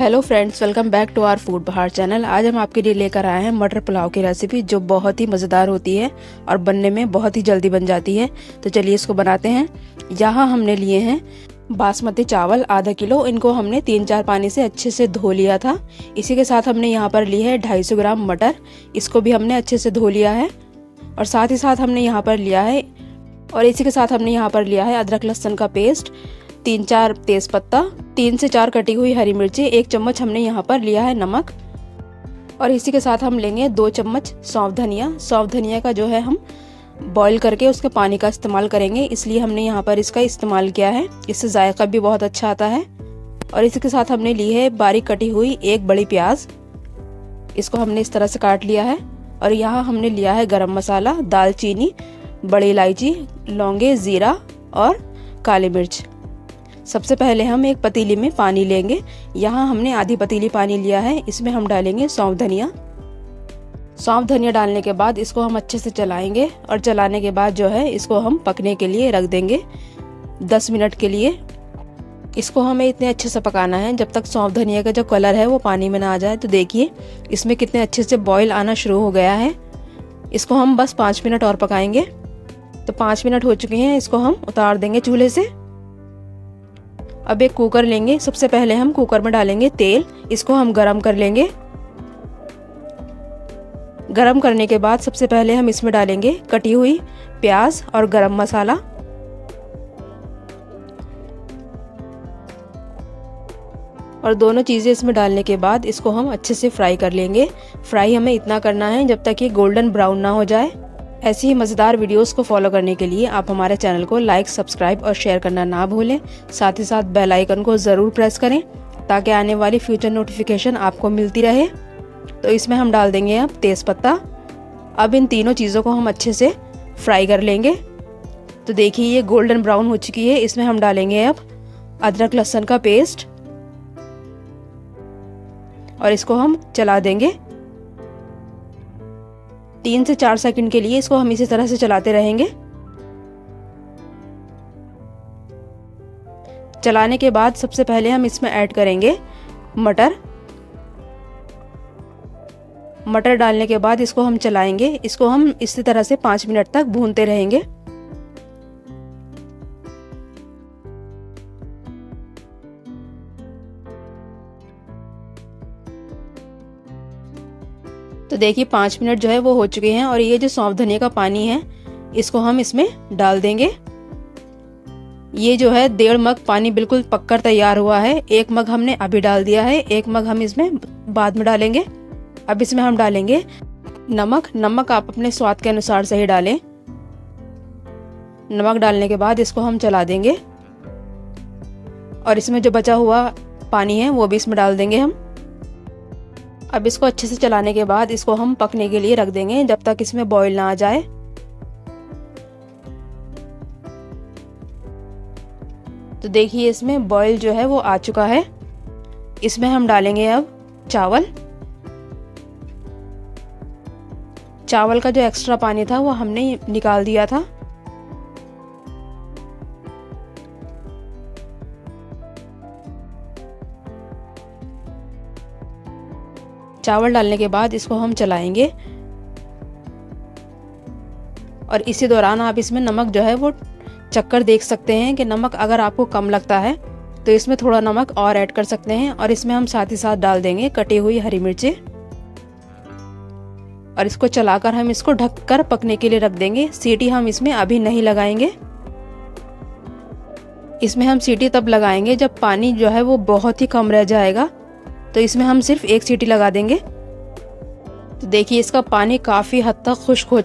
hello friends welcome back to our food Bahar channel आज हम आपके लिए लेकर आए हैं मटर पुलाव की रेसिपी जो बहुत ही मज़ेदार होती है और बनने में बहुत ही जल्दी बन जाती है तो चलिए इसको बनाते हैं यहाँ हमने लिए हैं बासमती चावल आधा किलो इनको हमने तीन चार पानी से अच्छे से धो लिया था इसी के साथ हमने यहाँ पर ली है ढाई ग्राम मटर इसको भी हमने अच्छे से धो लिया है और साथ ही साथ हमने यहाँ पर लिया है और इसी के साथ हमने यहाँ पर लिया है अदरक लहसुन का पेस्ट तीन चार तेज पत्ता तीन से चार कटी हुई हरी मिर्ची एक चम्मच हमने यहाँ पर लिया है नमक और इसी के साथ हम लेंगे दो चम्मच सौंफ धनिया सौंफ धनिया का जो है हम बॉईल करके उसके पानी का इस्तेमाल करेंगे इसलिए हमने यहाँ पर इसका इस्तेमाल किया है इससे जायका भी बहुत अच्छा आता है और इसी के साथ हमने ली है बारीक कटी हुई एक बड़ी प्याज इसको हमने इस तरह से काट लिया है और यहाँ हमने लिया है गरम मसाला दालचीनी बड़ी इलायची लौंगे ज़ीरा और काली मिर्च सबसे पहले हम एक पतीली में पानी लेंगे यहाँ हमने आधी पतीली पानी लिया है इसमें हम डालेंगे सौंफ धनिया सौंफ धनिया डालने के बाद इसको हम अच्छे से चलाएंगे और चलाने के बाद जो है इसको हम पकने के लिए रख देंगे दस मिनट के लिए इसको हमें इतने अच्छे से पकाना है जब तक सौंफ धनिया का जो कलर है वो पानी में ना आ जाए तो देखिए इसमें कितने अच्छे से बॉईल आना शुरू हो गया है इसको हम बस पाँच मिनट और पकाएंगे तो पाँच मिनट हो चुके हैं इसको हम उतार देंगे चूल्हे से अब एक कुकर लेंगे सबसे पहले हम कुकर में डालेंगे तेल इसको हम गरम कर लेंगे गरम करने के बाद सबसे पहले हम इसमें डालेंगे कटी हुई प्याज और गरम मसाला और दोनों चीज़ें इसमें डालने के बाद इसको हम अच्छे से फ्राई कर लेंगे फ्राई हमें इतना करना है जब तक ये गोल्डन ब्राउन ना हो जाए ऐसी ही मज़ेदार वीडियोस को फॉलो करने के लिए आप हमारे चैनल को लाइक सब्सक्राइब और शेयर करना ना भूलें साथ ही साथ बेल आइकन को ज़रूर प्रेस करें ताकि आने वाली फ्यूचर नोटिफिकेशन आपको मिलती रहे तो इसमें हम डाल देंगे अब तेज़ पत्ता अब इन तीनों चीज़ों को हम अच्छे से फ्राई कर लेंगे तो देखिए ये गोल्डन ब्राउन हो चुकी है इसमें हम डालेंगे अब अदरक लहसुन का पेस्ट और इसको हम चला देंगे तीन से चार सेकंड के लिए इसको हम इसी तरह से चलाते रहेंगे चलाने के बाद सबसे पहले हम इसमें ऐड करेंगे मटर मटर डालने के बाद इसको हम चलाएंगे इसको हम इसी तरह से पाँच मिनट तक भूनते रहेंगे तो देखिए पाँच मिनट जो है वो हो चुके हैं और ये जो सौंफ धनिया का पानी है इसको हम इसमें डाल देंगे ये जो है डेढ़ मग पानी बिल्कुल पककर तैयार हुआ है एक मग हमने अभी डाल दिया है एक मग हम इसमें बाद में डालेंगे अब इसमें हम डालेंगे नमक नमक आप अपने स्वाद के अनुसार से ही डालें नमक डालने के बाद इसको हम चला देंगे और इसमें जो बचा हुआ पानी है वो भी इसमें डाल देंगे हम अब इसको अच्छे से चलाने के बाद इसको हम पकने के लिए रख देंगे जब तक इसमें बॉयल ना आ जाए तो देखिए इसमें बॉईल जो है वो आ चुका है इसमें हम डालेंगे अब चावल चावल का जो एक्स्ट्रा पानी था वो हमने निकाल दिया था चावल डालने के बाद इसको हम चलाएंगे और इसी दौरान आप इसमें नमक जो है वो चक्कर देख सकते हैं कि नमक अगर आपको कम लगता है तो इसमें थोड़ा नमक और ऐड कर सकते हैं और इसमें हम साथ ही साथ डाल देंगे कटी हुई हरी मिर्ची और इसको चलाकर हम इसको ढककर पकने के लिए रख देंगे सीटी हम इसमें अभी नहीं लगाएंगे इसमें हम सीटी तब लगाएंगे जब पानी जो है वो बहुत ही कम रह जाएगा तो इसमें हम सिर्फ एक सीटी लगा देंगे तो देखिए इसका पानी काफ़ी हद तक खुश्क हो